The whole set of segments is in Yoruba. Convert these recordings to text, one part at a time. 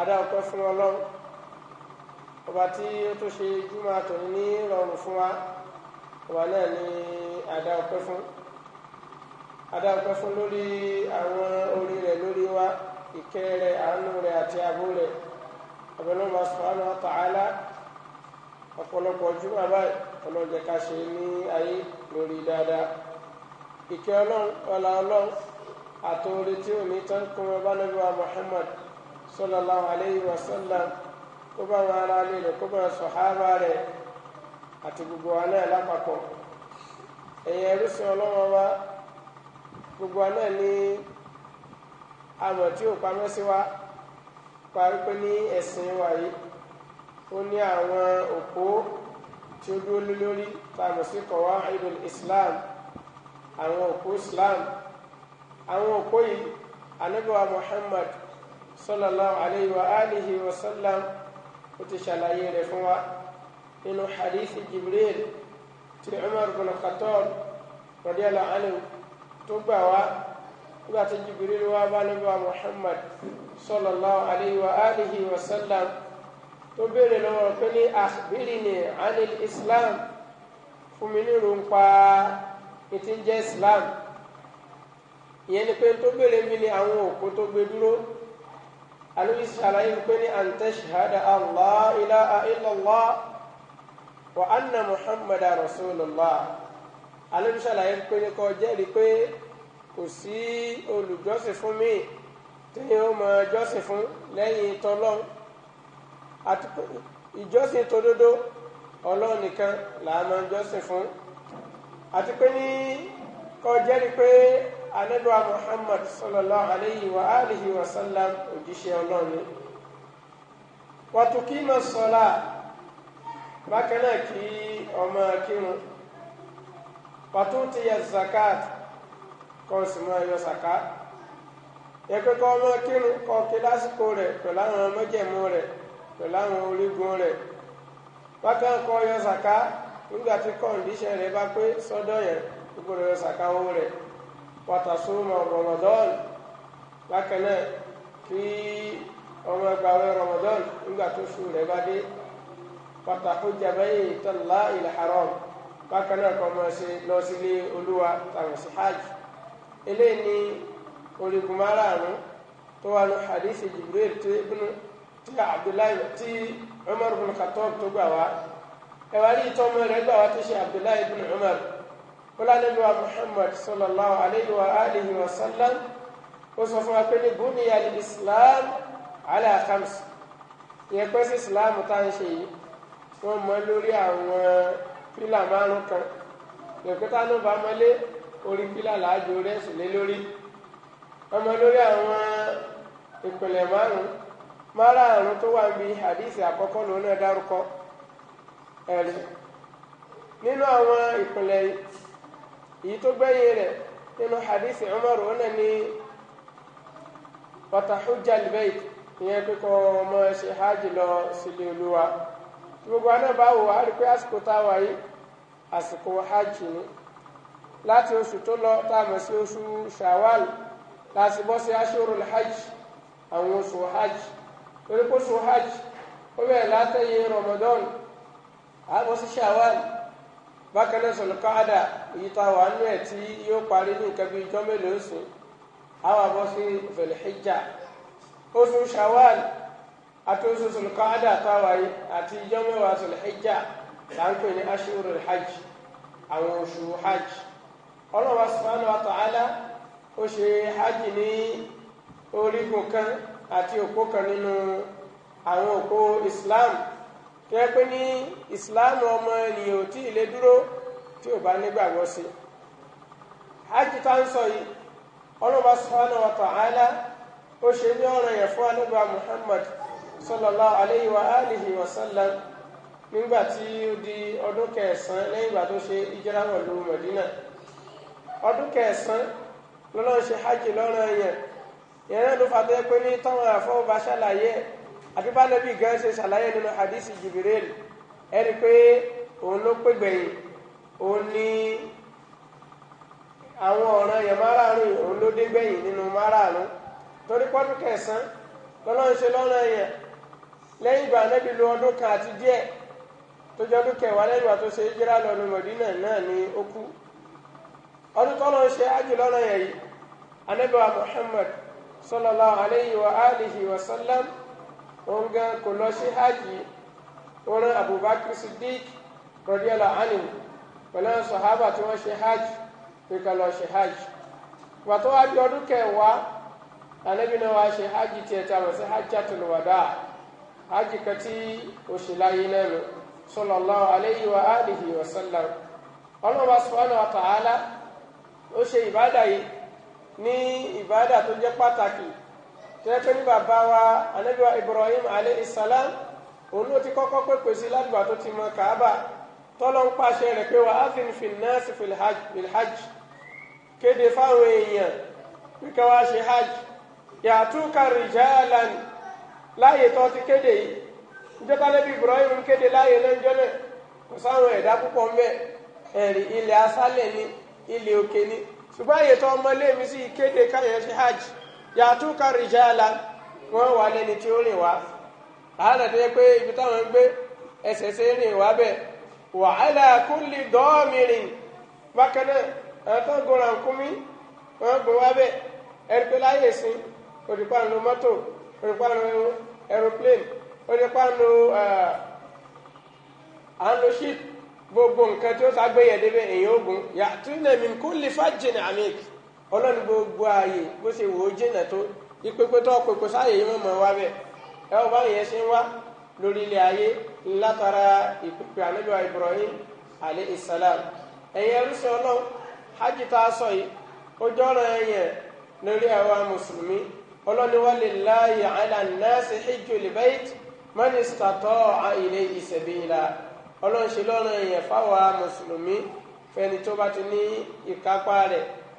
adáwọ̀pẹ́ fún ọlọ́run ọba tí ó tó ṣe júmọ̀ àtọ̀yìn ní rọrùn fún wa ọba náà ní adáwọ̀pẹ́ fún adáwọ̀pẹ́ fún lórí àwọn orí rẹ̀ lórí wa ìkẹ́ rẹ̀ àánú rẹ̀ àti àbú rẹ̀ ọ̀bẹ̀lọ́mọ subhanahu wa ta'ala ọ̀pọ̀lọpọ̀ júmọ̀ báyìí ọlọ́jẹ́ ká ṣe ní ayé lórí dáadáa ìkẹ́ ọlọ́run ọlá ọlọ́run àtòrí tí ò ní tán kún ọba níbi wa Muhammad sallallahu alayhi wa sallam kó bá wọn ara lè rẹ̀ kó bá wọn sọ̀hábà rẹ̀ àti gbogbo alẹ́ lápapọ̀ ẹ̀yẹ ẹrúsìn ọlọ́wọ́n wa gbogbo alẹ́ ní amọ̀ tí ò pamọ́ sí wa parí pé ní ẹ̀sìn wa yìí ó ní àwọn òpó tí ó dúró lé lórí tàbí sí kọ̀wá idul islam àwọn òpó islam àwọn òpó yìí anábíwá muhammad sallallahu alayhi wa alihi wa sallam ó ti ṣàlàyé rẹ̀ fún wa nínú hadith jibril ti umar bin khattab radiyallahu anhu tó gbà wá nígbà tí jibril wá bá níbi wa muhammad sallallahu alayhi wa alihi wa sallam tó béèrè lọ́wọ́ pé ní akhbirni anil islam fún mi ní rúpa ètí ń jẹ́ islam ìyẹn ni pé tó béèrè mi ni àwọn òkú tó gbé dúró anabi ṣàlàyé wípé ní an tashhada allah ilaha illallah wa anna muhammadu rasulullah anabi ṣàlàyé wípé ní kó jẹ́rìí pé kò sí olùjọ́sìn fún mi tẹ́yìn ó máa jọ́sìn fún lẹ́yìn tọ́lọ́n àti ìjọ́sìn tòdodo ọlọ́run nìkan là á jọ́sìn fún àti pé ní kó jẹ́rìí pé anabiwa muhammad sallallahu alayhi wa alihi wa sallam òjíṣẹ́ ọlọ́run wàtúkì máa sọlá bákan náà kí ọmọ kírun pàtó ti yẹ zakat kọ́ sì máa yọ zakat yẹ pé kọ́ ọmọ kírun kọ́ kí lásìkò rẹ̀ pẹ̀lú àwọn ọmọjẹ̀mú rẹ̀ pẹ̀lú àwọn orígun rẹ̀ bákan kọ́ yọ zakat nígbà tí kọ́ndíṣẹ́ rẹ̀ bá pé sọ́dọ̀ yẹn gbogbo yọ zakat owó rẹ̀ watasuma ramadan bákan náà kí ọmọ ẹgbàáwẹ̀ ramadan nígbà tó sùn rẹ̀ bá dé watahujja bayta Allahil haram bákan náà kọ́ máa ṣe lọ sílé olúwa tàbí sí hajj eléyìí ni orígun márààrún tó wà ní hadithi jibril tó ibnu tí abdullahi tí umar ibn khattab tó gbà wá ẹ̀wà rí ìtọ́mọ rẹ̀ gbà wá tó ṣe abdullahi ibn umar kólánẹ́lúwa Muhammad sallallahu alayhi wa alihi wa sallam ó sọ fún wa pé ní buniya al-islam ala khams ìyẹn pé sí islam tá à ń ṣe yìí wọ́n mọ lórí àwọn pílà márùn kan ìyẹn pé táwọn bá mọ́lé orí pílà làájú rẹ̀ sì lé lórí wọ́n mọ lórí àwọn ìpìlẹ̀ márùn márààrún tó wà níbi hadith àkọ́kọ́ lòun dárúkọ ẹ̀rí nínú àwọn ìpìlẹ̀ yìí èyí tó gbẹ́yìn rẹ̀ nínú hadithi umar wọn náà ní fatahujja albayt ìyẹn kíkọ́ ọmọ ṣe hajj lọ sílé olúwa gbogbo aná bá wò á rí pé àsìkò tá a wà yìí àsìkò hajj ni láti oṣù tó lọ tá a mọ̀ sí oṣù shawal láti bọ́ sí ashurul hajj àwọn oṣù hajj torí pé oṣù hajj ó bẹ̀rẹ̀ látẹ̀yìn ramadan àbọ̀ sí shawal bákan náà Sulqaada èyí tá a wà nínú ẹ̀ tí yóò parí ní nǹkan bíi ijọ́ mélòó sùn àwọn àbọ̀ sí Zulhijja oṣù Shawwal àti oṣù Sulqaada tá a wà yìí àti ijọ́ mẹ́wàá Zulhijja là ń pè ní ashurul hajj àwọn oṣù hajj ọlọ́wà subhanahu wa ó ṣe hajj ní orígun kan àti òpó kan nínú àwọn òpó Islam. tó yẹ pé ní ìsìláàmù ọmọ ènìyàn ò tí ì lè dúró tí ò bá nígbàgbọ́ sí hajj tá ń sọ yìí ọlọ́ba ala wa ta'ala ó ṣe ní yẹn fún Muhammad sallallahu alayhi wa alihi wa sallam nígbà tí ó di ọdún kẹsàn-án lẹ́yìn ìgbà tó ṣe ìjẹ́ra hajj yẹn yẹn náà ló pé ní àti bá nàbí gan ṣe ṣàlàyé nínú hadisi Jibril ẹni pé òun ló pé gbẹ̀yìn òun ní àwọn ọ̀ràn yẹn márààrún òun ló dé gbẹ̀yìn nínú márààrún torí pọ́dún kẹsàn-án lọ́lọ́run ṣe lọ́nà yẹn lẹ́yìn ìgbà nẹ́bí lo ọdún kan àti díẹ̀ tó jẹ́ ọdún kẹwàá lẹ́yìn ìgbà tó ṣe hijira lọ Mọ̀dínà náà ni ó kú ọdún tọ́lọ́ ń ṣe ájì lọ́nà yẹn yìí anábẹ́wà Muhammad sallallahu alayhi wa alihi wa sallam òun gan kò lọ sí hajj ó rán Abubakar Siddiq radiyallahu anhu pẹ̀lú àwọn sàhábà tí wọ́n ṣe hajj pé ká lọ ṣe hajj ìgbà tó wá di ọdún kẹwàá ànábì náà wá ṣe hajj tiẹ̀ tá a mọ̀ sí hajjatul wada hajj kan tí ó ṣe láyé wa alihi wa sallam ọlọ́wọ́ subhanahu wa ta'ala ó ṣe ìbádà yìí ní ìbádà tó jẹ́ pàtàkì tẹ́tẹ́ ní bàbá wa anabi wa Ibrahim alayhi salam òun ló ti kọ́kọ́ pèpè sí ládùúgbà tó ti mọ Kaaba tọ́lọ́ ń pàṣẹ rẹ̀ pé wa adhin fin nas fil hajj kéde fáwọn èèyàn wípé wá ṣe hajj ya'tuka rijalan láàyè tó ti kéde yìí níjọba lẹ́bi Ibrahim ń kéde láàyè náà náà kò sáwọn ẹ̀dá púpọ̀ mbẹ́ ẹ̀rì ilẹ̀ asálẹ̀ ni ilẹ̀ òkè ni ṣùgbọ́n àyè tó ọmọ sí ìkéde káyọ̀ ṣe hajj yàtúkà rìjàlá wọ́n wà lẹ́ni tí ó rìn wá àádà tó yẹ pé ibi táwọn ń gbé ẹsẹ̀ ṣe rìn wá bẹ́ẹ̀ wà ala kulli dọ́ọ̀mìrìn bákan náà àwọn tó ń gbọ́ra ń kúmí wọ́n gbọ́ wá bẹ́ẹ̀ ẹ̀rí pé láyè sí òdìpá ń lo mọ́tò òdìpá ń lo aeroplane gbogbo nǹkan tí ó sá èyí ó yàtúnẹ̀mí kulli fajjin amik ọlọ́ni gbogbo ààyè bó ṣe wò ó jìnà tó ìpèpè tó pèpè sáàyè yìí mọ̀ mọ̀ wá bẹ́ẹ̀ ẹ wọ́n báyìí yẹn ṣe ń wá lórí ilé ayé látara ìpèpè ànábìwá Ibrahim alayhi salam ẹ̀yin ẹrúṣẹ́ ọlọ́run hajj tá a sọ yìí ó jọ́ràn ẹ̀yẹn lórí àwa mùsùlùmí ọlọ́ni wa lillahi ala nnasi hijjul bayt man istata'a ilayhi sabila ọlọ́run ṣe lọ́ràn ẹ̀yẹn fáwa mùsùlùmí fẹ́ni tó bá ti ní ìkápá rẹ̀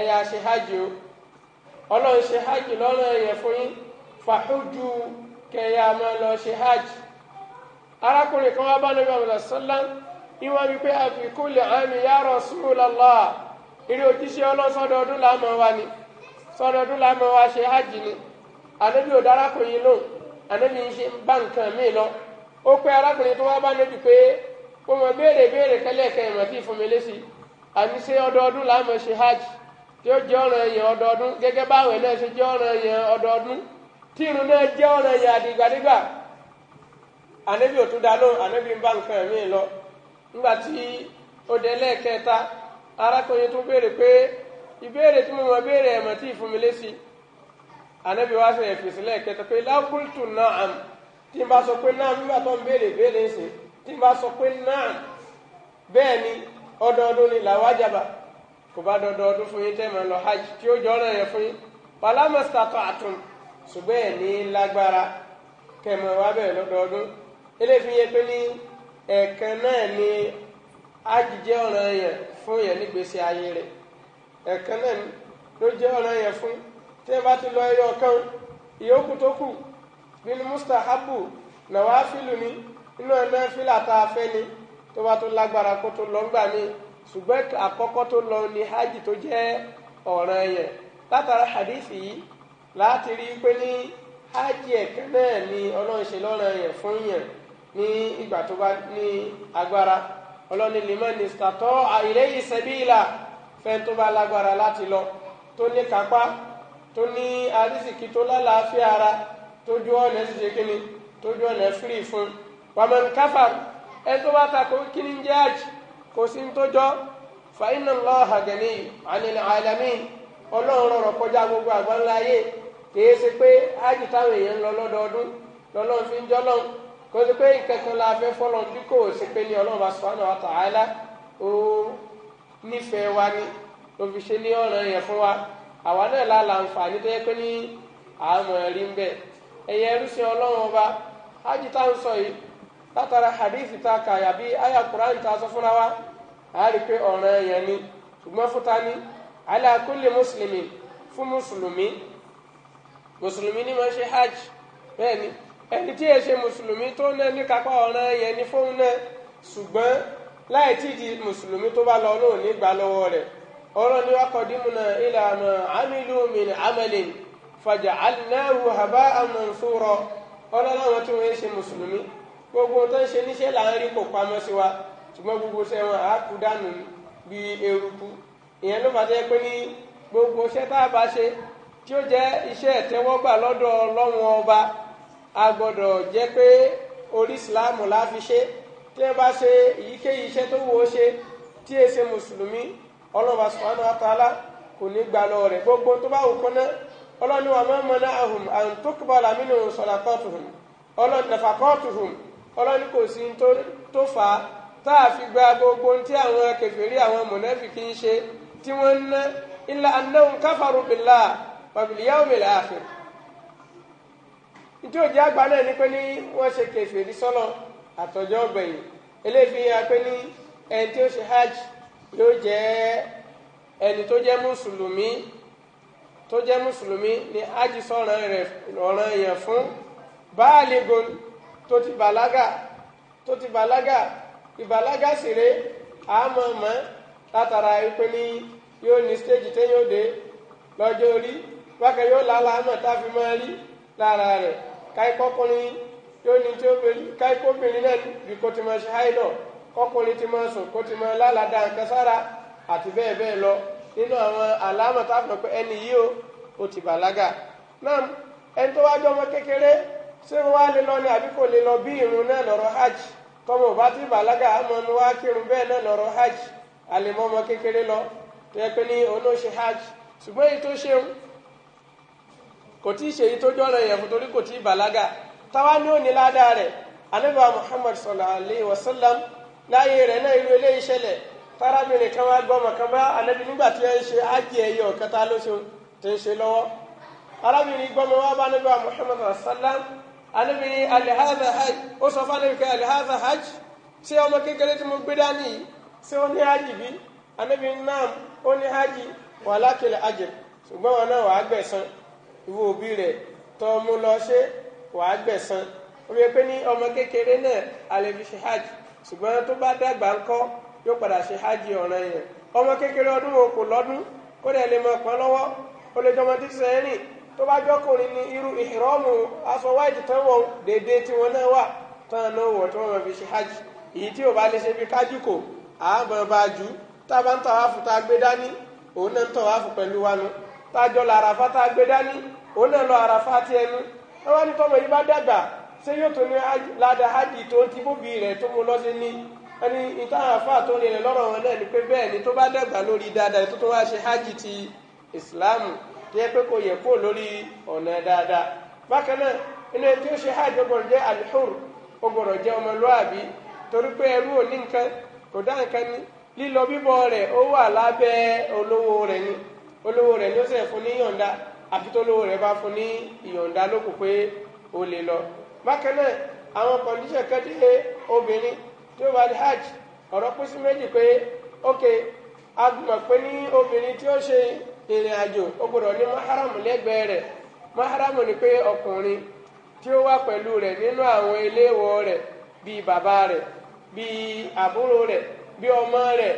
ẹ yà ṣe hajj o ọlọ́run ṣe hajj lọ́nà ẹ̀yẹ fún yín fàhùjù kẹyà máa lọ ṣe hajj arákùnrin kan wá bá nàbí ọmọdé sọlá ni wọn wípé àfikún lè àmì ya Rasulullah eré òjíṣẹ́ ọlọ́sọdọọdún làmọ́ wa ni sọdọọdún làmọ́ wa ṣe hajj ni ò ń ṣe bá nǹkan lọ ó pé arákùnrin tó wá bá pé kó mọ béèrè béèrè ìmọ̀ tí àmì ṣe ọdọọdún tí o jọ ọrọ yẹn ọdọọdún gẹgẹ báwo ẹ náà ṣe jọ ọrọ yẹn ọdọọdún tí irun náà jẹ ọrọ yẹn àdìgbàdìgbà anabi òtún dá lóhùn anabi ń bá nǹkan ẹ̀mí lọ nígbà tí o dé lẹ́ẹ̀kẹta arákùnrin tún béèrè pé ìbéèrè tí mo mọ béèrè ẹ̀mọ́ tí ìfún mi lésì anabi wá sẹ̀yìn fèsì lẹ́ẹ̀kẹta pé lágùntù náà àm tí n bá sọ pé náà nígbà tó ń béèrè béèrè ń sè tí n bá sọ pé náà bẹ́ẹ̀ ni ọdọọdún ni làwájàbà. kò bá dọdọ ọdún fún yín tẹ́ máa lọ hajj tí ó jọ́rọ̀ yẹn fún yín palamọ́sítàtọ̀ àtùn ṣùgbọ́n ẹ̀ ní lágbára kẹmọ wa bẹ̀rẹ̀ lọ́dọọdún eléyìí yẹ pé ní ẹ̀ẹ̀kan náà ni hajj jẹ́ ọ̀ràn yẹn fún yẹn nígbèsè ayé rẹ̀ ẹ̀ẹ̀kan náà ló jẹ́ ọ̀ràn yẹn fún tí ẹ bá ti lọ ẹyọ kan ìyókù tó kù nínú mustahabu nàwáfílù ni nínú ẹ̀ náà fílà tá a fẹ́ ni tó bá tó lágbára kó tó lọ́ngbà míì ṣùgbọ́n àkọ́kọ́ tó lọ ni hajj tó jẹ́ ọ̀ràn yẹn látara hadithi yìí láti rí pé ní hajj ẹ̀kan náà ni ọlọ́run ṣe lọ́ràn yẹn fún yẹn ní ìgbà tó bá ní agbára ọlọ́ni lèmọ́ ní sàtọ́ àìlẹ́yìn sẹ́bíìlà fẹ́ tó bá lágbára láti lọ tó ní kápá tó ní arísìkí tó lálàáfíà ara tójú ọ̀nà ṣiṣẹ́ kínní tójú ọ̀nà fírì fún wàmọ̀ nkáfà ẹ tó bá takò kínní jẹ́ àjì kòsíntójọ́ sí ń tójọ́ fa inna gani anil alamin ọlọ́run kọjá gbogbo àgbáńlá ayé kìí ṣe pé ájì èèyàn lọ lọ́dọọdún lọ́lọ́run fi ń jọ́lọ́run kò sí pé la fẹ́ bí kò sí pé ní ọlọ́run bá ó nífẹ̀ẹ́ wa ni ló fi ṣe la tó yẹ pé ní àmọ̀ ń bẹ̀ ẹ̀yẹ ẹrú ọba sọ látara hadithi tá a kà yàbí àyà kùránì tá a sọ fúnra wa a rí i pé ọ̀ràn yẹn ni ṣùgbọ́n fúta ni ala kulli mùsùlùmí fún mùsùlùmí mùsùlùmí ni wọ́n ṣe hajj bẹ́ẹ̀ ni ẹni tí yẹn ṣe mùsùlùmí tó náà ní kápá ọ̀ràn yẹn ni fóun náà ṣùgbọ́n láì tí di mùsùlùmí tó bá lọ lóun ní gbà lọ́wọ́ rẹ̀ ọ̀rọ̀ ni wọ́n kọ́dí mu náà ilà àmọ́ amilu fàjà alinahu haba amansuro ọ̀rọ̀ láwọn tí wọ́n ṣe mùsùlùmí gbogbo tó ń ṣe níṣẹ́ là ń rí kò pamọ́ sí wa ṣùgbọ́n gbogbo iṣẹ́ wọn á kú dànù bí eruku ìyẹn ló fàṣẹ pé ní gbogbo iṣẹ́ tá a bá ṣe tí ó jẹ́ iṣẹ́ ìtẹ́wọ́gbà lọ́dọ̀ ọlọ́run ọba a gbọ́dọ̀ jẹ́ pé orí ìsìláàmù la fi ṣe tí ẹ bá ṣe èyíkéyìí iṣẹ́ tó wò ṣe tí ẹ ṣe mùsùlùmí ọlọ́ba subhanahu wa ta'ala kò ní gbà lọ rẹ̀ gbogbo tó bá wù kọ́ náà ọlọ́ni wa ma mana'ahum an tuqbala minhum sadaqatuhum ọlọ́ni nafaqatuhum ọlọ́ni kò sí tó fà á tá a fi gba gbogbo tí àwọn kèfèrí àwọn mọ̀nẹ́fìkì ń ṣe tí wọ́n ń ná illa annahum kafaru billah wa bil yawmil akhir nítorí òjì àgbà náà ni pé ní wọ́n ṣe kèfèrí sọ́lọ̀ àtọ̀jọ́ ọ̀gbẹ̀yìn eléyìí fi ní ẹni tí ó ṣe hajj yóò jẹ́ ẹni tó jẹ́ mùsùlùmí tó jẹ́ mùsùlùmí ni hajj sọ̀ràn rẹ̀ ọ̀ràn yẹn fún báàlì gòlù tó ti bàlágà tó ti bàlágà ìbàlágà sì rè àmọ́ mọ́ látara ìpè ní yóò ní stéèjì téyàn òde lọ́jọ́ orí wákẹ́ yóò lálá àmọ́ tá a fi máa rí lára rẹ̀ káíkọ́kùnrin yóò ní tí ó bẹ̀rù káíkọ́bìnrin náà bí kò ti máa ṣe háìdọ̀ kọ́kùnrin ti máa sùn kó ti máa lálàdá nǹkan sára àti bẹ́ẹ̀ bẹ́ẹ̀ lọ nínú àwọn àlámọ̀ tá a pé ẹni yìí ó ti bàlágà náà ẹni tó wá jọmọ kékeré ṣé wọ́n á lè lọ ni àbí kò lè lọ bí irun náà lọ́rọ̀ hajj kọ́mọ bá ti bàlágà àmọ́ ni wàá kírun bẹ́ẹ̀ náà lọ́rọ̀ hajj àlèmọ́ ọmọ kékeré lọ tó yẹ pé ní olóṣè hajj ṣùgbọ́n èyí tó ṣeun kò tí ì ṣe èyí tó jọ́rọ̀ yẹn fún torí kò tí ì bàlágà táwa ní òní ládàá rẹ̀ anábà Muhammad sallallahu alayhi wa sallam láàyè rẹ̀ náà irú eléyìí ṣẹlẹ̀ tárábìnrin kan wá gbọ́mọ kan bá anábì nígbà tí wọ́n ń ṣe ájì ẹ̀yẹ ọ̀kẹta lóṣù tó ń ṣe lọ́wọ́ arábìnrin gbọ́mọ wá bá anábà Muhammad sallallahu alayhi wa sallam anabi ni alihava hajj O sọ fún anabi kẹ Alihaza hajj se ọmọ kékeré tí mo gbé dání yìí ṣé ó hajj naam ó ní hajj kele ajr ṣùgbọ́n wọn na wàá gbẹ̀san ìwọ òbí rẹ̀ tọ́ mú lọ ṣe wàá gbẹ̀san ó yẹ pé ní ọmọ kékeré náà alẹ́bí ṣe hajj ṣùgbọ́n hajj o tó bá jọkùnrin ní irú ìhìrọ́mù aṣọ wáìtì tán wọ̀ dédé tí wọ́n náà wà tán náà wọ̀ tí wọ́n máa fi ṣe hajj èyí tí ò bá lè ṣe bí kájú kò àmọ́ bá jù tábà ń tàwáfù tá a gbé dání òun náà ń tàwáfù pẹ̀lú wa nu tájọ lọ àràfá tá a gbé dání òun náà lọ àràfá ti ẹnu ẹ wá ní tọ́mọ yìí bá dàgbà ṣé yóò tó ní ládàá hajj tó ti bóbi rẹ̀ tó mú lọ́sẹ̀ ní ẹni ìtàn àfà tó ń lọ́rọ̀ wọn náà ni pé bẹ́ẹ̀ ni tó bá dàgbà lórí dáadáa tó tó wá ṣe hajj ti ìsìláàmù nye eke pé kò yẹ kó lórí ọ̀nà dáadáa bákan náà inú etí ó ṣe hajj ó gbọ́dọ̀ jẹ́ alhur ó gbọ́dọ̀ jẹ́ ọmọlúwàbí torí pé ẹrú ò nǹkan kò dá nǹkan ní lílọ bíbọ̀ rẹ̀ ó wà lábẹ́ olówó ni olówó ni ó sì fún ní yọ̀ǹda àfi tó olówó bá fún ní lókùn pé ó lè lọ bákan náà àwọn kọ̀ǹdíṣàn di hajj ọ̀rọ̀ pín sí méjì pé agbọ̀n pé ní ìrìn àjò ó ní máhàrámù lẹ́gbẹ̀ẹ́ rẹ̀ máhàrámù ni pé ọkùnrin tí ó wà pẹ̀lú rẹ̀ nínú àwọn eléwọ̀ rẹ̀ bíi bàbá rẹ̀ bíi àbúrò rẹ̀ bíi ọmọ rẹ̀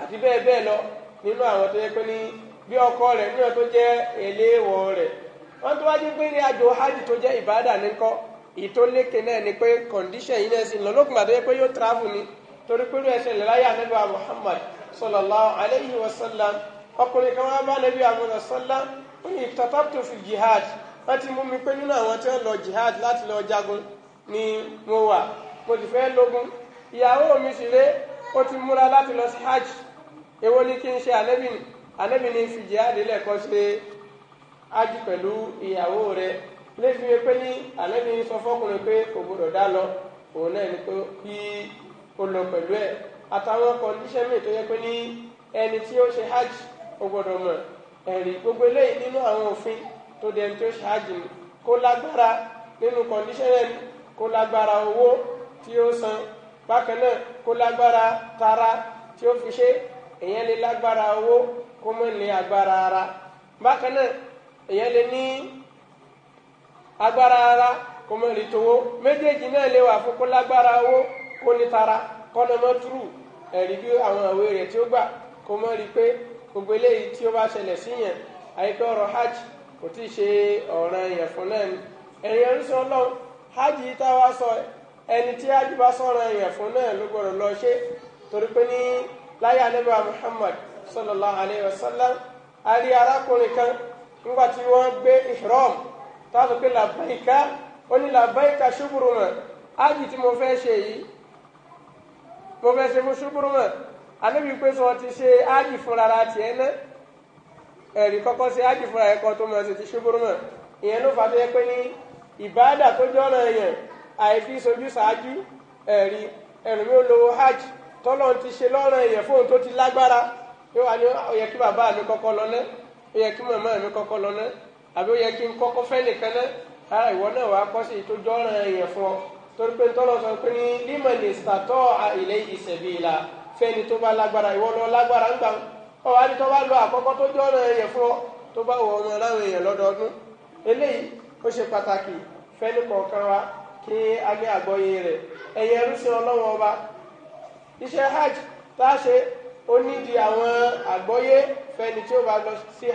àti bẹ́ẹ̀ bẹ́ẹ̀ lọ nínú àwọn tó yẹ pé ní bí ọkọ rẹ̀ nínú tó jẹ́ eléwọ̀ rẹ̀ wọ́n tó wájú pé ní àjò hajj tó jẹ́ ìbádà nìkọ́ ìtólékè náà ni pé kọ̀ǹdíṣẹ̀ yìí náà sì lọ lókùnbà tó pé yóò travel ni torí pé irú Muhammad sallallahu alayhi wa sallam ọkùnrin kan wá bá nàbí àmúna sọlá ó ní ìtàtàtò fi jihad wọ́n ti mú mi pé nínú àwọn tí wọ́n lọ jihad láti lọ jagun ni mo wà mo sì fẹ́ lógun ìyàwó mi sì ré ó ti múra láti lọ sí hajj èwo ni kí n ṣe ànábì ni ànábì ni fi jihad lẹ́kọ́ ṣe hajj pẹ̀lú ìyàwó rẹ̀ lẹ́fi mi pé ní ànábì sọ fọ́kùnrin pé kò gbọdọ̀ dá lọ òun náà ni pé kí ó lọ pẹ̀lú ẹ̀ àtàwọn kọ̀ǹdíṣẹ́ mi tó yẹ pé ní ẹni tí ó ṣe hajj ó gbọ́dọ̀ mọ̀ ẹ̀rí gbogbo eléyìí nínú àwọn òfin tó dẹni tí ó ṣe hajj ni kó lágbára nínú kọ̀ǹdíṣẹ́ yẹn ni kó lágbára owó tí ó san bákan náà kó lágbára tara tí ó fi ṣe èyàn lè lágbára owó kó mọ̀ ní agbára ara bákan náà èyàn lè ní agbára ara kó mọ̀ ní towó méjèèjì náà lè wà fún kó lágbára owó kó ní tara kọ́nọmọ́túrù ẹ̀rí bí àwọn àwé rẹ̀ tí ó gbà kó mọ́ rí i pé gbogbo eléyìí tí ó bá ṣẹlẹ̀ síyàn àyíká ọ̀rọ̀ hajj kò tí ì ṣe ọ̀ràn yẹn fún náà ni ẹ̀yìn orísun ọlọ́run hajj yìí tá a wá sọ ẹni tí hajj bá sọ̀ràn yẹn fún náà ló gbọ́dọ̀ lọ ṣe torí pé ní láyé anábíwá Muhammad sallallahu alayhi wa sallam a rí arákùnrin kan nígbà tí wọ́n gbé ihram táwọn pé làbáyìíká ó ní làbáyìíká ṣubúrú mọ́ hajj tí mo fẹ́ ṣe yìí mo fẹ́ ṣe fún ṣubúrú mọ̀ anábì pé sọ ti ṣe ájì fúnra ra tiẹ̀ ná eri kọkọ ṣe ájì fúnra ẹ̀kọ́ tó mọ̀ ṣe ti ṣubúrú mọ̀ ìyẹn ló fà pé ní ìbáàdà tó jọ́nà yẹn àìfi sojú ṣáájú hajj tọ́lọ́ ti ṣe lọ́rọ̀ yẹn fóun tó ti lágbára ó wà ní yẹ kí bàbá lọ ná ó yẹ kí màmá mi lọ ná àbí ó yẹ kí n kọ́kọ́ fẹ́ nìkan ná ara ìwọ náà wàá kọ́ torí pé tọ́lọ̀ sọ pé ní límọ̀nìsítà tọ́ ilé ìsẹ̀bìlà fẹ́ni tó bá lágbára ìwọ lọ àkọ́kọ́ tó jẹ́ ọ̀nà èèyàn fún ọ ọmọ eléyìí wa a ní àgbọ́yé rẹ̀ ẹ̀yẹ ẹrúsìn ọba hajj a ṣe ó nídìí àwọn àgbọ́yé fẹ́ni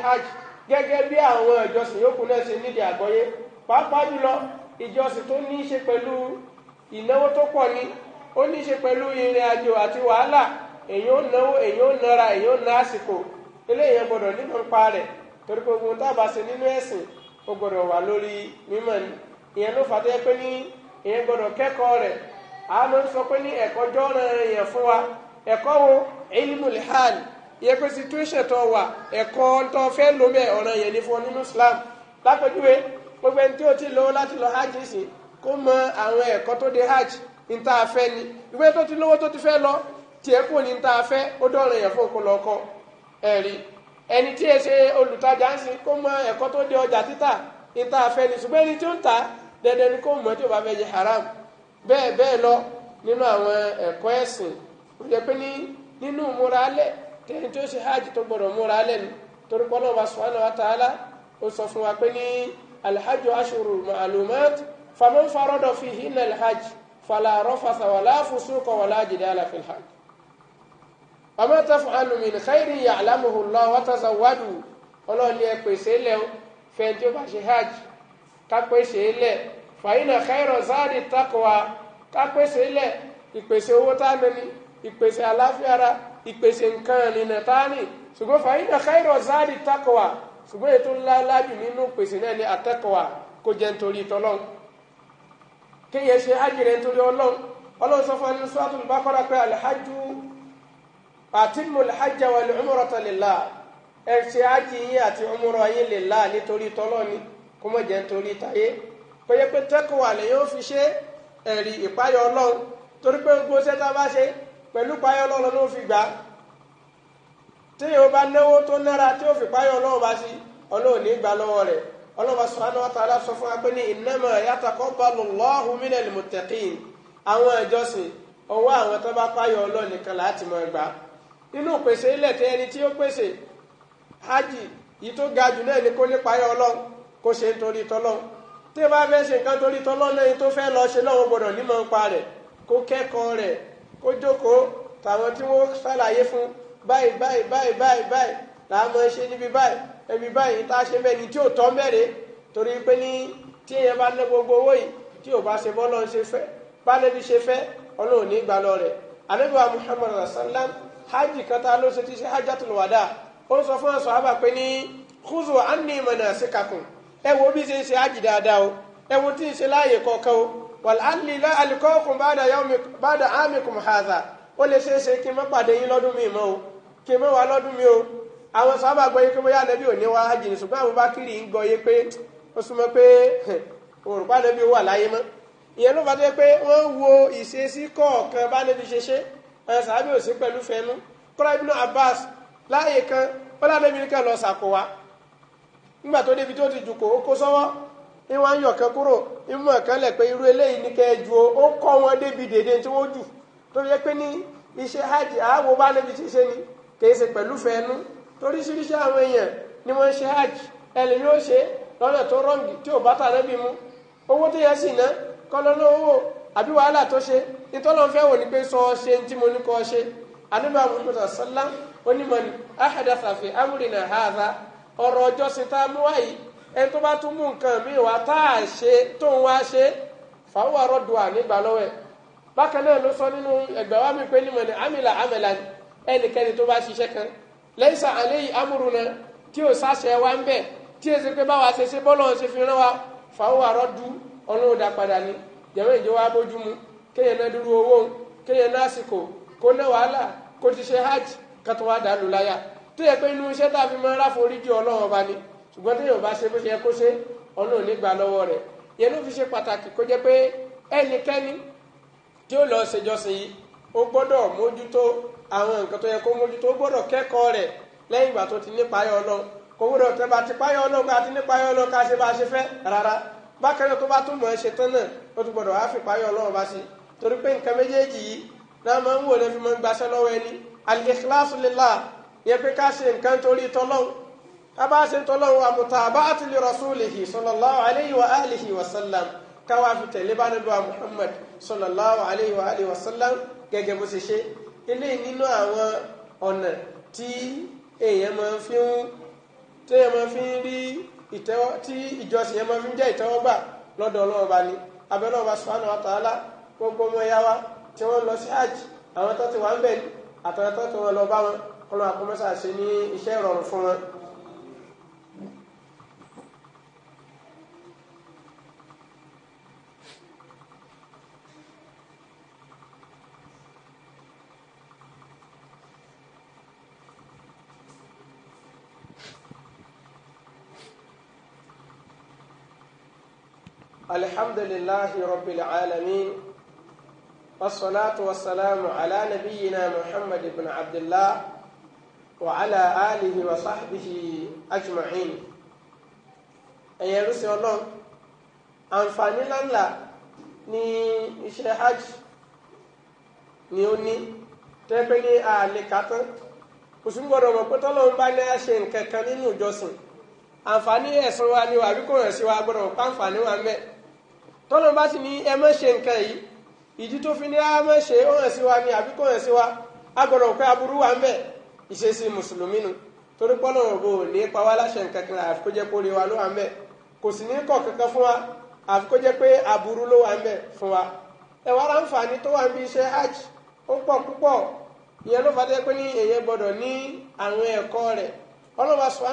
hajj gẹ́gẹ́ bi àwọn ìjọsìn yòókù náà ṣe nídìí àgbọ́yé pàápàá jùlọ ni ìnáwó tó pọ̀ ni ó ní í ṣe pẹ̀lú ìrìn àjò àti wàhálà èyí ó náwó èyí ó nara èyí ó ná àsìkò eléyìí ẹ nínú ipa rẹ̀ torí pé tábà ṣe nínú ẹ̀sìn ó lórí mímọ̀ ni ìyẹn ló pé ní ìyẹn kẹ́kọ̀ọ́ rẹ̀ a wo ìyẹn pé situation tó wà ẹ̀kọ́ tó fẹ́ ọ̀ràn yẹn ní fún ọ nínú Islam lápẹjúwe ti lówó láti lọ hajj sí kó mọ àwọn ẹ̀kọ́ tó de hajj ní tá ni ìwé tó ti lówó tó ti fẹ́ lọ tiẹ̀ kò ní tá ó dọ̀rọ̀ ẹni tí ẹ ṣe olùtajà ń kó tó de ọjà títà ní ni ṣùgbọ́n ẹni tí ó ń haram bẹ́ẹ̀ bẹ́ẹ̀ lọ nínú àwọn ẹ̀kọ́ ẹ̀sìn ó pé hajj tó gbọ́dọ̀ ni torí wa ta'ala ó sọ fún wa pé faman farada fihinna alhajj fala rafasa wala fusuqa wala jidala fil hajj wama taf'alu min khairin ya'lamuhu Allah wa tazawwadu Ọlọ́run ni ẹ pèsè lẹ fẹn tí ó bá ṣe hajj ká pèsè lẹ fa inna khaira zadi taqwa ká pèsè lẹ ìpèsè owó tá a nani ìpèsè àláfíà ara ìpèsè nǹkan nínú tání ṣùgbọ́n fa inna khaira zadi taqwa ṣùgbọ́n ètò ńlá lábì nínú pèsè náà ní àtẹ́kọ̀wà kó jẹ́ nítorí kéèyàn ṣe ájì rẹ̀ nítorí ọlọ́run ọlọ́run sọ fún ẹni suratul Baqara pé alhajju atimmu alhajja wal umrata lillah ẹ ṣe ájì yín àti umra yín lillah nítorí tọ́lọ́ni kó mọ̀ jẹ́ nítorí tayé pẹ̀yẹ pé tẹ́kọ̀ọ́ àlẹ́ yóò fi ṣe ẹ̀rí ìpáyọ̀ ọlọ́run torí pé gbogbo sẹ́ta bá ṣe pẹ̀lú páyọ̀ ọlọ́run ló fi gbà tí yóò bá náwó tó nára tí yóò fi páyọ̀ ọlọ́run bá sí ọlọ́run ní gbà lọ́wọ́ rẹ̀ ọlọ́ba subhanahu wa ta'ala sọ fún wa pé ní innama yataqabbalu Allahu minal muttaqin àwọn ìjọsìn ọwọ́ àwọn tó bá páyọ Ọlọ́run nìkan láti máa gbà nínú pèsè ilẹ̀ tẹ ẹni tí ó pèsè hajj yìí tó ga jù náà ni kó nípa ayọ̀ Ọlọ́run kó ṣe nítorí tọ́lọ́run tí ẹ bá fẹ́ ṣe nǹkan torí tọ́lọ́run lẹ́yìn tó fẹ́ lọ ṣe lọ́wọ́ gbọ́dọ̀ nímọ̀ ń pa rẹ̀ kó kẹ́kọ̀ọ́ rẹ̀ kó jókòó tàwọn tí wọ́n ṣàlàyé fún báyìí báyìí báyìí báyìí báyìí tá a máa ṣe níbi báyìí ẹbí báyìí tá a ṣe bẹ́ẹ̀ ni tí ò tọ́ mẹ́rin torí pé ní tí èèyàn bá ná gbogbo owó yìí tí ò bá ṣe bọ́ lọ́n ṣe fẹ́ bá lẹ́bi ṣe fẹ́ ọlọ́run ní ìgbà lọ rẹ̀ anábìwá muhammadu rasalam hajj kata ló ṣe ti ṣe hajjatul wada ó sọ fún àwọn sọ̀hábà pé ní khuzu anni manasikakum ẹ wo bí ṣe ń ṣe hajj dáadáa o ẹ wo tí ń ṣe láàyè kọ̀ọ̀kan o wàlálì alikọ́kùn ba'da amikum hadha ó lè ṣe é ṣe kí n má pàdé yín lọ́dún mi mọ́ o kí n má wá lọ́dún mi o àwọn sábà gbọ́ yé pé bóyá anabi ò ní wá hajj ní ṣùgbọ́n àwọn bákìrì ń gbọ́ yé pé ó súnmọ́ pé òrùpá anabi wà láyé mọ́ ìyẹn ló bá dé pé wọ́n wo ìṣesí kọ̀ọ̀kan bá anabi ṣe ṣe àwọn sábà ò sí pẹ̀lú fẹnu kọ́lá ibùdó Abbas láàyè kan ó lánàbí nìkan lọ sàkó wa nígbà tó débi tó ti jùkò ó kó sọ́wọ́ ní wọ́n ń yọ̀ kan kúrò ní kan lẹ̀ pé irú ni kì í ṣe toríṣiríṣi àwọn èèyàn ni wọ́n ń ṣe hajj ẹ̀lẹ́ yóò ṣe lọ́nà tó rọ́ǹgì tí ò bá tà lẹ́bi mu owó tó yẹ sí ná kọ́lọ́ náà wò àbí wàhálà tó ṣe ìtọ́lọ́ fẹ́ wò ni pé sọ ṣe tí mo ní kọ́ ṣe àníbà muhammed sallam onímọ̀ ni ahadatha fi amúrinà haza ọ̀rọ̀ ọjọ́ sí tá a mú wáyé ẹni tó bá tún mú nǹkan mi wá tá a ṣe tó ń wá ṣe fàwọn ọ̀rọ̀ dùn ànígbà bákan náà ló sọ nínú ẹgbẹ́ mi pé nímọ̀ ni amila amila ẹnikẹ́ni tó bá ṣiṣẹ́ kan lẹ́yìn àlẹ́ yìí amúruna tí o sáṣẹ wa ń bẹ̀ tí èsì pé báwa ṣe ṣe bọ́lọ̀ ṣe fi wa àrọ́ du ọlọ́run dá padà ni jẹ̀wọ́n ìjọ wa bójú mu kéèyàn náà dúró owó kéèyàn náà àsìkò kó ná wàhálà kó ti ṣe hajj kátó wa dàlú láyà tó yẹ pé inú iṣẹ́ tá a fi máa ráforíjì ọlọ́run ni ṣùgbọ́n bá ṣe bó ṣe yẹ kó ṣe lọ́wọ́ rẹ̀ yẹn ló fi àwọn nǹkan tó yẹ kó mójútó ó gbọ́dọ̀ kẹ́kọ̀ọ́ rẹ̀ lẹ́yìn ìgbà tó ti nípa ayọ̀ ọlọ́run kò gbọ́dọ̀ tẹ́ bá ti páyọ̀ ọlọ́run ká ti nípa ayọ̀ ọlọ́run ká ṣe bá ṣe fẹ́ rárá bákan náà tó bá tún mọ̀ ẹ́ ṣe tán náà ó tún gbọ́dọ̀ wá fi páyọ̀ ọlọ́run bá sí torí pé nǹkan méjèèjì yìí náà máa ń wò lẹ́fi máa gbaṣẹ́ lọ́wọ́ ẹni al-ikhlasu yẹ pé ká ṣe nǹkan torí tọ́lọ́run ká bá ṣe tọ́lọ́run wa mutaba'atu rasulihi sallallahu alayhi wa alihi wa sallam ká wá Muhammad sallallahu alayhi wa alihi wa sallam gẹ́gẹ́ bó ṣe ṣe ilé nínú àwọn ọ̀nà tí èèyàn máa fi ń téèyàn máa fi ń rí ìtẹ́wọ́ tí ìjọsìn yẹn máa fi ń jẹ́ ìtẹ́wọ́gbà lọ́dọ̀ ọlọ́run ọba ni abẹ́lẹ́ ọba sùhánù àtàlá gbogbo ọmọ ẹ̀yà wa tí wọ́n lọ sí hajj àwọn tó ti wà ń bẹ̀ lọ bá wọn ṣe ní iṣẹ́ ìrọ̀rùn الحمد لله رب العالمين والصلاة والسلام على نبينا محمد بن عبد الله وعلى آله وصحبه أجمعين ẹ̀yẹ rúṣin ọlọ́run àǹfààní ńláńlá ní iṣẹ́ hajj ni ó ní tẹ́pẹ́ ní àlè kàtán kò sí gbọ́dọ̀ mọ̀ pé tọ́lọ́run bá ní àṣẹ nǹkan nínú ìjọsìn àǹfààní ẹ̀sùn wa ni wà àbí kò hàn sí wa gbọ́dọ̀ mọ̀ àǹfààní wa ń tọ́lọ́n bá sì ní ẹ má ṣe nǹkan yìí ìdí tó fi ní á má ṣe ó hàn sí wa ni àbí kò hàn sí wa á gbọ́dọ̀ pé aburú wa ń bẹ ìṣesí mùsùlùmí nu torí pọ́lọ́ ògo ní pa wá láṣẹ nǹkan kan àfi kó kankan fún wa àfi kó jẹ́ pé hajj ó pọ̀ púpọ̀ ìyẹn ló ní èyẹ ní àwọn ẹ̀kọ́ rẹ̀ ọlọ́wà wa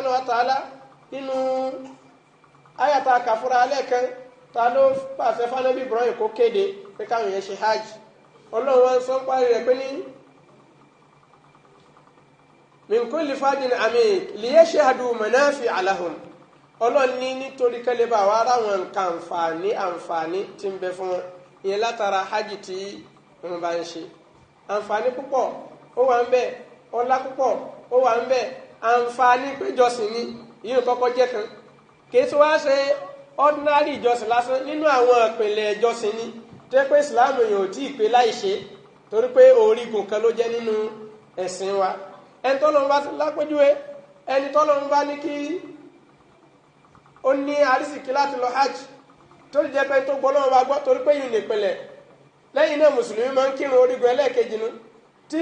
nínú ayàtà kàfúrà ta ló pàṣẹ fánẹ́bí Ibrahim kó kéde pé káwọn yẹn ṣe hajj ọlọ́run wọn sọ ń parí rẹ̀ pé ní minkun lifadin amin liye ṣehadu manafi alahum ọlọ́run ní nítorí kẹ́lẹ́bà wa ara wọn nǹkan àǹfààní àǹfààní tí ń bẹ fún wọn ìyẹn látara hajj tí wọn bá ń ṣe àǹfààní púpọ̀ ó wà ń bẹ ọlá púpọ̀ ó wà ń bẹ àǹfààní péjọsìn ni yìí kọ́kọ́ jẹ́ kan kì í tún wá ṣe ordinary ìjọsìn lásán nínú àwọn ìpìlẹ̀ ìjọsìn ni tẹ́ pé ìsìláàmù yìí ò tí ì pé torí pé orígun kan ló jẹ́ nínú ẹ̀sìn wa ẹni tọ́lọ́run bá lápẹ́júwe ẹni bá ní kí ó ní arísìkí láti lọ hajj tó jẹ́ pé tó gbọ́ lọ́wọ́ bá gbọ́ torí pé yìí nìpìlẹ̀ lẹ́yìn náà mùsùlùmí máa ń kírun orígun ẹlẹ́ẹ̀kejì nu tí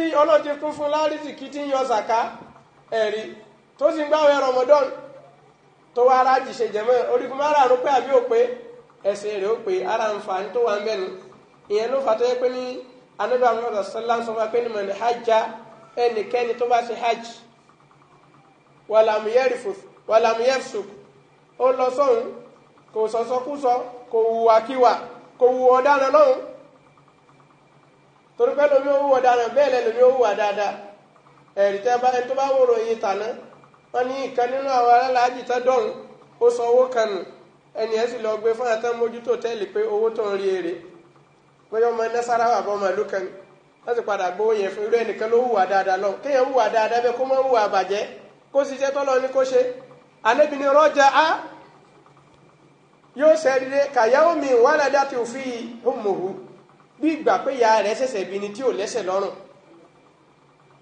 tó wá aráàjì ṣe jẹ̀mọ́ orígun márààrún pé àbí òpé ẹ̀sìn rẹ̀ ó pé ara ń fa ní tó wà ń bẹ̀nu ìyẹn ló fà tó yẹ pé ní anábà mọ́tò sọ́lá ń sọ fún wa pé ní mọ̀nì hajjá ẹnikẹ́ni tó bá ṣe hajj wàlàmúyẹ́fṣùk ó lọ sọ́hun kò sọ́sọ́kúsọ kò wùwàkíwà kò wù ọ̀daràn lọ́hun torí pé lómi ó wù ọ̀daràn bẹ́ẹ̀ lẹ́ lómi ó wù dáadáa ẹ̀rí tẹ́ bá ẹni tó bá wòrò yìí tàná wọn ní ìkan nínú àwọn alálàájì tán dọ̀rùn ó san owó kan nù ẹni ẹ sì lọ gbé fún àtàn mójútó tẹ́lì pé owó tó ń rí èrè bóyá ọmọ nasarawa bọ́ ọmọ ìlú kan ni wọ́n sì padà gbówó yẹn fún irú ẹnìkan ló hùwà dáadáa lọ kéèyàn hùwà dáadáa bẹ́ẹ̀ kó má hùwà àbàjẹ́ kó ṣiṣẹ́ tọ́lọ́ ni kó ṣe àlébi ni rọ́jà á yóò ṣẹ́rire kàyáwó mi wàhálà dá ti òfin hùmùhù bí ìgbà pé ìyá rẹ̀ ṣẹ̀ṣẹ̀ bí ni tí ò lẹ́sẹ̀ lọ́rùn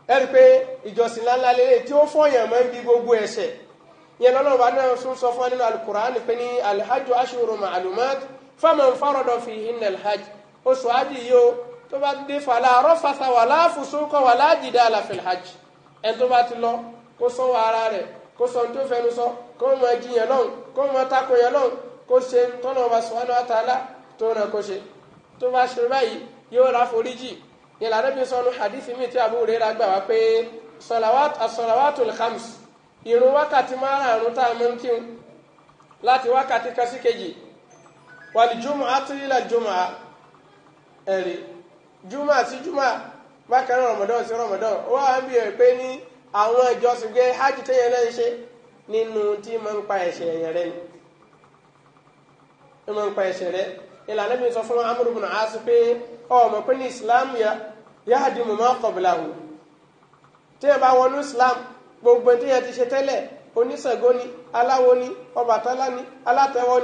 ẹ̀rí pé ìjọsìn lánlá lélẹ̀ tí ó fọyàn mọ́ ibi gbogbo ẹ̀ṣẹ̀ yẹn lọ́lọ́run bá náà tún sọ fún nínú alukur'an pé ní alhajj ashuru ma'lumat faman farada fihinna alhajj oṣù hajj yìí o tó bá dé fàlà rọ́fàṣà wala fusuqa wala jidala fil hajj ẹni tó bá ti lọ kó sọ wọ ara rẹ̀ kó sọ tó fẹnu sọ kó mọ jiyàn lọ́hùn kó mọ tako yẹn lọ́hùn kó ṣe tọ́nà ọba subhanahu wa ta'ala tó náà kó ṣe tó bá ṣe báyìí yóò ráforíjì yẹn la Ànábì sọnu hadisi mi tí Abu Hurairah gbà wá pé sọlawat asọlawatul khams irun wákàtí márùn-ún tá a máa ń kí láti wákàtí kan sí kejì wàlí jùmọ̀ àtúnyìlá jùmọ̀ ẹ̀rí jùmọ̀ sí jùmọ̀ bákan náà Ramadan sí Ramadan ó wà ń bí ẹ̀ pé ní àwọn ìjọsìn gbé hajj téèyàn náà ṣe nínú tí máa ń pa ẹ̀ṣẹ̀ yẹn ìlànà bí n sọ fún amúrú bùnà á sí pé ọmọ pé ní islam yáàdì mọ̀ bá wọnú islam gbogbo ti ni aláwo ni ni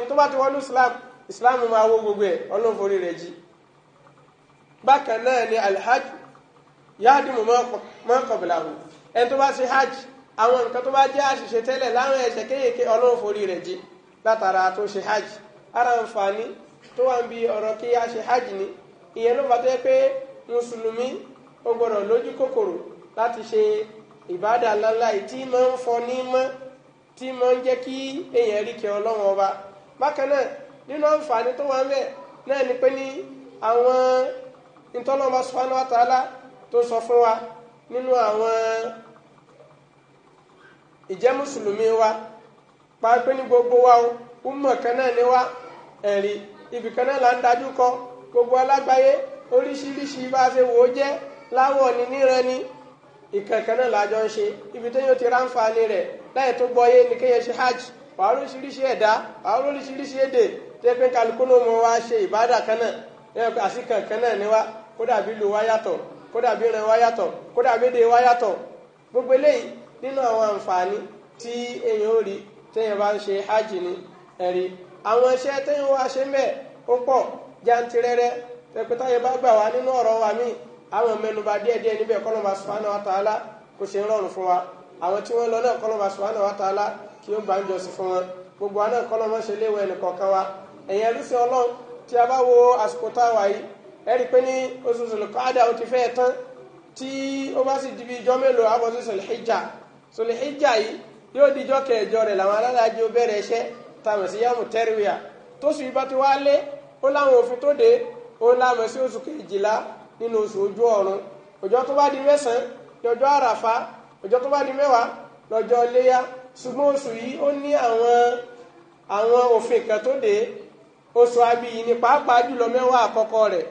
tó bá ti wọnú islam islam ma gbogbo ẹ̀ ọlọ́forí rẹ̀ jí bákan náà ni alhaj yáàdì mọ̀ ma kọ̀bìlà hù ẹni tó bá ṣe hajj àwọn nǹkan tó bá jẹ́ àṣìṣe tẹ́lẹ̀ láwọn ẹ̀ṣẹ̀ rẹ̀ jí látara hajj ara ń tó wà ń bi ọ̀rọ̀ kí a ṣe hajj ni ìyẹn ló yẹ pé mùsùlùmí ó gbọ́dọ̀ lójú kòkòrò láti ṣe ìbádà lálá tí máa ń fọ ní mọ́ tí máa ń jẹ́ kí èèyàn rí kẹ ọlọ́run ọba bákan náà nínú àǹfààní ni pé ní àwọn ìtọ́lọ́mọ tó sọ fún wa nínú àwọn ìjẹ́ mùsùlùmí wa pàápẹ́ ní gbogbo wa ó mọ̀ kan ibìkan náà là ń dájú kọ gbogbo alágbáyé oríṣiríṣi bá a ṣe wò ó jẹ́ láwọ̀ ní níran ni ìkankan náà lájọ ń ṣe ibi tó yóò ti ráǹfààní rẹ̀ láì tó gbọ́yé ni kéèyàn ṣe hajj wàá lóríṣiríṣi ẹ̀dá wàá lóríṣiríṣi èdè tẹ́ pé kálukú náà mo wá ṣe ìbádà kan náà ẹ̀ àti kankan náà ni wá kódà bí lu wá yàtọ̀ kódà bí rìn wá yàtọ̀ kódà bí de wá yàtọ̀ gbogbo eléyìí nínú àwọn àǹfààní tí èèyàn ó rí téèyàn bá ń ṣe hajj ni ẹ̀rí àwọn iṣẹ́ tẹ́yìn wá ṣe ń bẹ̀ ó pọ̀ jantirẹrẹ pẹpẹtáyé bá gbà wá nínú ọ̀rọ̀ wa míì àwọn mẹ́nubà díẹ̀díẹ̀ níbẹ̀ kọ́lọ́mà subhanahu wa ta'ala kò ṣe ń rọrùn fún wa àwọn tí wọ́n lọ náà kọ́lọ́mà subhanahu wa ta'ala kí ó gbà ń jọsìn fún wọn gbogbo wa náà kọ́lọ́mà ṣe léwọ ẹnìkọ̀ọ̀kan wa ẹ̀yìn ẹlúsìn ọlọ́run tí a bá wo àsìkò tá a wà yìí ẹ pé ní oṣù Sulqaada ó ti fẹ́ tàmí sí yàmù tẹ́rìwìà tóṣù yìí bá ti wá lé ó láwọn òfin tó dé ó láwọn sí oṣù kejìlá nínú oṣù ojú ọ̀run ọjọ́ tó bá di mẹ́sàn-án ní ọjọ́ àràfá ọjọ́ tó bá di mẹ́wàá lọ́jọ́ léyá ṣùgbọ́n oṣù yìí ó ní àwọn àwọn òfin kan tó dé oṣù abiyì ni pàápàá jùlọ mẹ́wàá àkọ́kọ́ rẹ̀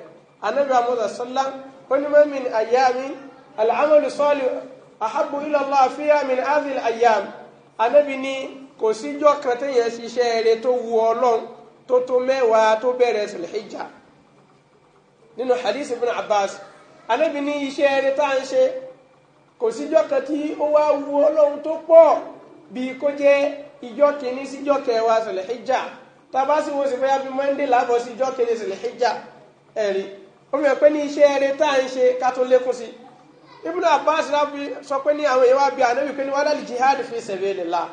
anabi amúdà sọlá ó ní mọ́ mi àyàmí alhamdulilayi sọ́ọ̀lì ahabu ilallah fiyami ní azil ayam anabi ní kò síjọ́ kan téèyàn ṣiṣẹ́ eré tó wu ọlọ́run tó tó mẹ́wàá tó bẹ̀rẹ̀ sùlẹ̀hìjà nínú hadith ibn abbas anábì ní iṣẹ́ eré tá à ń ṣe kò síjọ́ kan tí ó wá wu ọlọ́run tó pọ̀ bíi kó jẹ́ ìjọ́ kìíní síjọ́ kẹwàá sùlẹ̀hìjà tàbá sì wọ́n sì fẹ́ yàbí monday lábọ̀ sí kìíní sùlẹ̀hìjà ẹ̀rí ó fi pé ní iṣẹ́ eré tá à ń ṣe ká tó lékún sí Ibn Abbas sọ pé ní àwọn èèyàn wá bí anábì pé ní wàhálà jihad fi sabilillah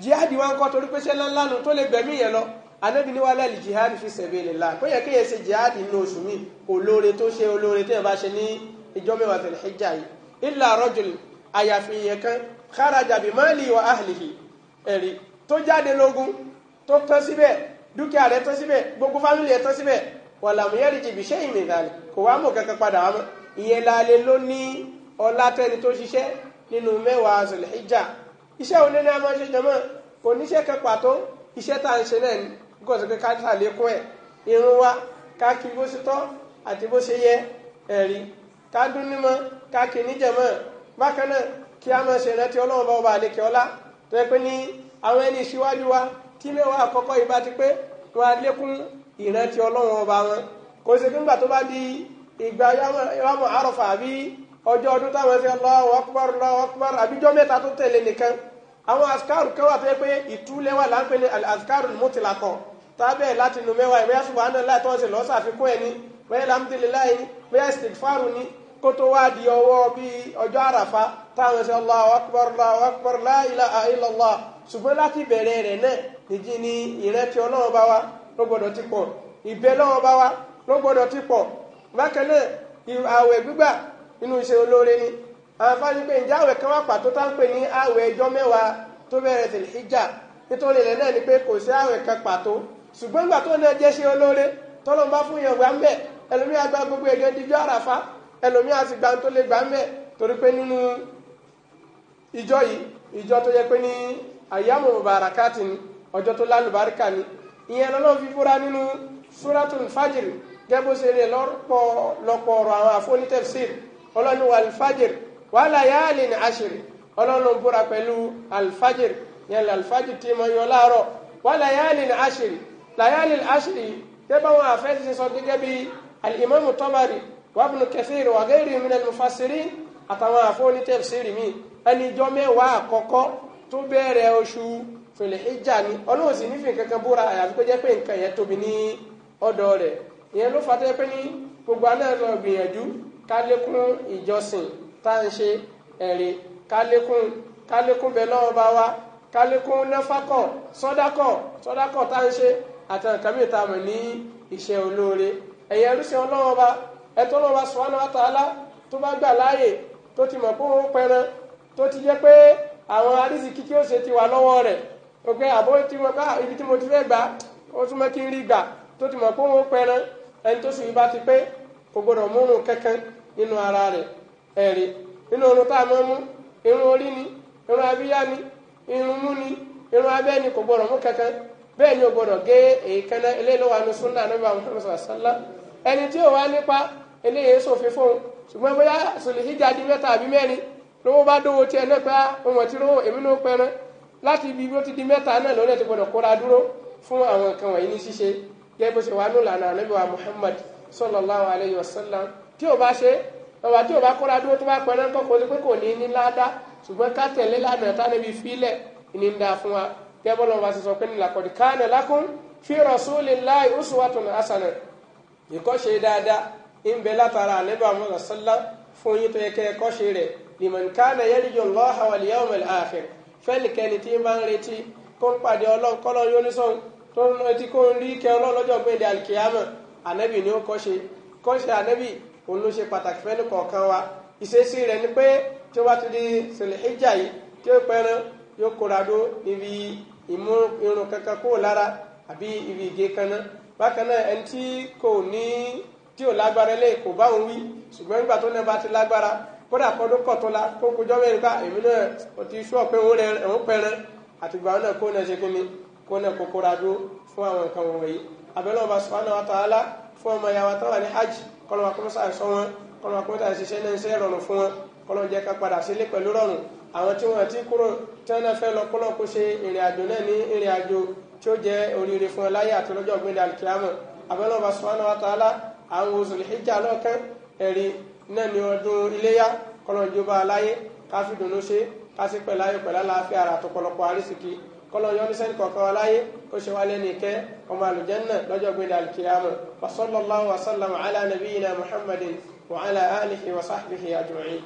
jihadi wa ń kọ́ torí pé ṣẹ́ ńláńlánu tó lè gbẹ̀mí yẹn lọ anabi ni wàhálà jihadi fi sabilillah kó yẹ kí yẹn ṣe jihadi nínú oṣù mi olóore tó ṣe olóore tó yẹ bá ṣe ní ìjọ mẹ́wàá tẹ̀lé hijja yìí illa rajul àyàfi yẹn kan kharaja bi mali wa ahlihi ẹ̀rí tó jáde lógun tó tán síbẹ̀ dúkìá rẹ̀ tán síbẹ̀ gbogbo fámìlì rẹ̀ tán síbẹ̀ wàlàmù yẹn rìjì bí shay'in min kò wá iṣẹ́ òní ní a máa ṣe jọmọ́ kò níṣẹ́ kan pàtó iṣẹ́ tá à ń ṣe náà ni kò sí pé ká ṣàlékún ẹ̀ irun wa ká kí bó ṣe tọ́ àti bó ṣe yẹ ẹ̀rí ká dún nímọ̀ ká kí níjẹ̀mọ́ bákan náà kí a máa ṣe ìrántí ọlọ́run bá ọba àlekè ọlá tó yẹ pé ní àwọn ẹni ìṣíwájú wa tí mẹ́wàá àkọ́kọ́ yìí bá ti pé wọn á lékún ìrántí ọlọ́run ọba wọn kò sí nígbà tó bá di ìgbà yàmọ̀ àròfà àbí ọjọ́ ọdún táwọn ṣe Allahu akbar Allahu akbar àbíjọ́ mẹ́ta tó tẹ̀lé nìkan àwọn azkaru kan wà tó yẹ pé ìtúlẹ̀ wà láńpẹ̀lẹ̀ azkaru mutlaqo tábẹ̀ láti nu mẹ́wàá ìwé subhanallah tó ń ṣe lọ́sàfikún ẹni bẹ́ẹ̀ alhamdulillah ni bẹ́ẹ̀ istighfaru ni kó tó wá di ọwọ́ bíi ọjọ́ àràfá táwọn ṣe Allahu akbar Allahu akbar la ilaha illallah ṣùgbọ́n láti bẹ̀rẹ̀ rẹ̀ náà nìjí ni ìrẹ́tí ọlọ́run bá wa ló gbọ́dọ̀ ti pọ̀ ìbẹ́ lọ́wọ́ bá àǹfààní pé ǹjẹ́ àwẹ̀ kan wà pàtó tá ń pè ní àwẹ̀ ẹjọ́ mẹ́wàá tó bẹ̀rẹ̀ sí ìjà nítorí ilẹ̀ náà ni pé kò sí àwẹ̀ kan pàtó ṣùgbọ́n ìgbà tó náà jẹ́ ṣe olóore tọ́lọ́mbá fún yàn gbà ń bẹ̀ ẹlòmí àgbà gbogbo èdè díjọ́ àràfá ẹlòmí àti gbà tó lè gbà ń bẹ̀ torí pé nínú ìjọ yìí ìjọ tó yẹ pé ní àyàmù bàràkàtì ni ọjọ́ tó lálùbáríkà ni ìyẹn lọ́lọ́ fi fúra nínú suratul fajr gẹ́gbó ṣe lè lọ́pọ̀ lọ́pọ̀ ọ̀rọ̀ àwọn àfọ́nítẹ̀fsir ọlọ́ni wal fajr wa layalin ashir ọlọ́run búra pẹ̀lú alfajir yẹn alfajir tí mo yọ láàárọ̀ wa layalin ashir layalin ashir tẹ́báwọn àfẹ́sí sọ gẹ́gẹ́ bí alimamu tọ́bárì wàbùnú kathir wa ghairi minal mufassirin àtàwọn àfọ́ní tafsiri mi ẹni ijọ́ mẹ́wàá àkọ́kọ́ tó bẹ̀rẹ̀ oṣù fil hijja ni ọlọ́run sì nífẹ̀ẹ́ kankan búra àyàfi kó jẹ́ pé nǹkan yẹn tóbi ní ọ̀dọ̀ rẹ̀ ìyẹn ló fatẹ́ pé ní gbogbo anáà lọ gbìyànjú ká lékún ìjọsìn tá à ń ṣe ẹ̀rí kálékún kálékún bẹ lọ́wọ́ bá wa kálékún náfàkọ̀ sọ́dákọ̀ sọ́dákọ̀ tá à ń ṣe àtàwọn nǹkan mìíràn tá a mọ̀ ní iṣẹ́ olóore ẹ̀yẹ ẹrúṣẹ́ ọlọ́wọ́ bá ẹtọ́ lọ́wọ́ bá sùn wọn àtàlá tó bá gbà láàyè tó ti mọ̀ pé òun pẹran tó ti jẹ́ pé àwọn arísìkí tí ó ṣe ti wà lọ́wọ́ rẹ̀ ó pé àbó tí wọn bá ibi tí mo ti fẹ́ gbà ó túmọ̀ kí n rí gbà tó ti mọ̀ pé òun pẹran ẹni tó sì bá ti pé kò gbọdọ̀ múrun kankan nínú ara rẹ̀ ẹ̀rí nínú irun tá a máa mú irun orí ni irun abíyá ni irun mú ni irun abẹ́ ni kò gbọdọ̀ mú kankan bẹ́ẹ̀ ni o gbọdọ̀ gé èékánná eléyìí ló wà ní sunna Ànábì Muhammad sallallahu ẹni tí o wá nípa eléyìí sòfin fóun ṣùgbọ́n bóyá sòlìhíjà di mẹ́ta àbí mẹ́rin lówó bá dówó tiẹ̀ náà pé lówó ah, èmi pẹ́rẹ́ láti ibi bí ó ti di mẹ́ta náà kóra dúró fún àwọn nǹkan wọ̀nyí ní ṣíṣe gẹ́gẹ́ bó ṣe wà nù lànà Muhammad bàbá tí o bá kóra dúró tó bá pẹ́ náà kọ́kọ́ pé kò ní ní ládá ṣùgbọ́n ká tẹ̀lé lánàá tá níbi fílẹ̀ ní ń dáa fún wa gẹ́gẹ́ bọ́lá wa ṣe sọ pé laqad kana lakum fi rasulillahi uswatun hasana ìkọ́ṣe dáadáa ń bẹ látara ànábì àwọn ọ̀sánlá fún yín tó yẹ kẹ́ ẹ̀kọ́ṣe rẹ̀ liman kana yarju Allaha wal yawmal akhir fẹ́nìkẹ́ni tí ń bá ń retí kó ń pàdé ọlọ́run kọ́lọ́ yónísọ́n tó ń retí kó ń rí kẹ́ òun ló ṣe pàtàkì fẹ́ni kọ̀ọ̀kan wa ìṣesí rẹ̀ ni pé tí ó bá tún di sèlè ìjà yìí tí ó pẹran yóò kóra dó níbi ìmú irun kankan kó lára àbí ibi ìgé kan náà bákan náà ẹni tí kò ní tí ò lágbára lé kò bá òun wí ṣùgbọ́n nígbà tó náà bá ti lágbára kódà kọ́dún kọ̀tọ́la kó kojọ́ mẹ́rin bá èmi náà ò ti sọ pé òun pẹran àtìgbà náà kó náà ṣe kí ni kó náà kó kóra dó fún àwọn nǹkan wọ̀nyí abẹ́lẹ́ ọba subhanahu wa ta'ala fún ọmọ ìyàwó àtàwọn ní hajj kọlọ́wà kọmọ́sà sọ wọn kọlọ́wà kọmọ́sà ṣiṣẹ́ náà ṣe rọrùn fún wọn kọlọ́wà jẹ́ ká padà sílé pẹ̀lú rọrùn àwọn tí wọ́n ti kúrò tí wọ́n fẹ́ lọ kọlọ́wà kó ṣe ìrìn àjò náà ní ìrìn àjò tí ó jẹ́ oríire fún wọn láyé àti lọ́jọ́ gbẹ̀dẹ̀ alikiyama abẹ́lọ́ba subhanahu wa ta'ala àwọn oṣù ìjà lọ́kàn ẹ̀rí náà ní ọdún iléyà kọlọ́wà jọba aláyé káfíndùnú ṣe kásípẹ̀ láyé pẹ̀lá láàfin àrà àtọ̀pọ̀lọpọ̀ àrísìkí kọlọ́yọ́ ní sẹ́ni kọ̀ọ̀kan wa láyé kó ṣe wá lẹ́nu ìkẹ́ ọmọ àlùjẹ́nà lọ́jọ́ gbé dàlkìyàmọ̀ wa sallallahu ala nabiyina muhammadin wa ala alihi wa sahbihi ajma'in.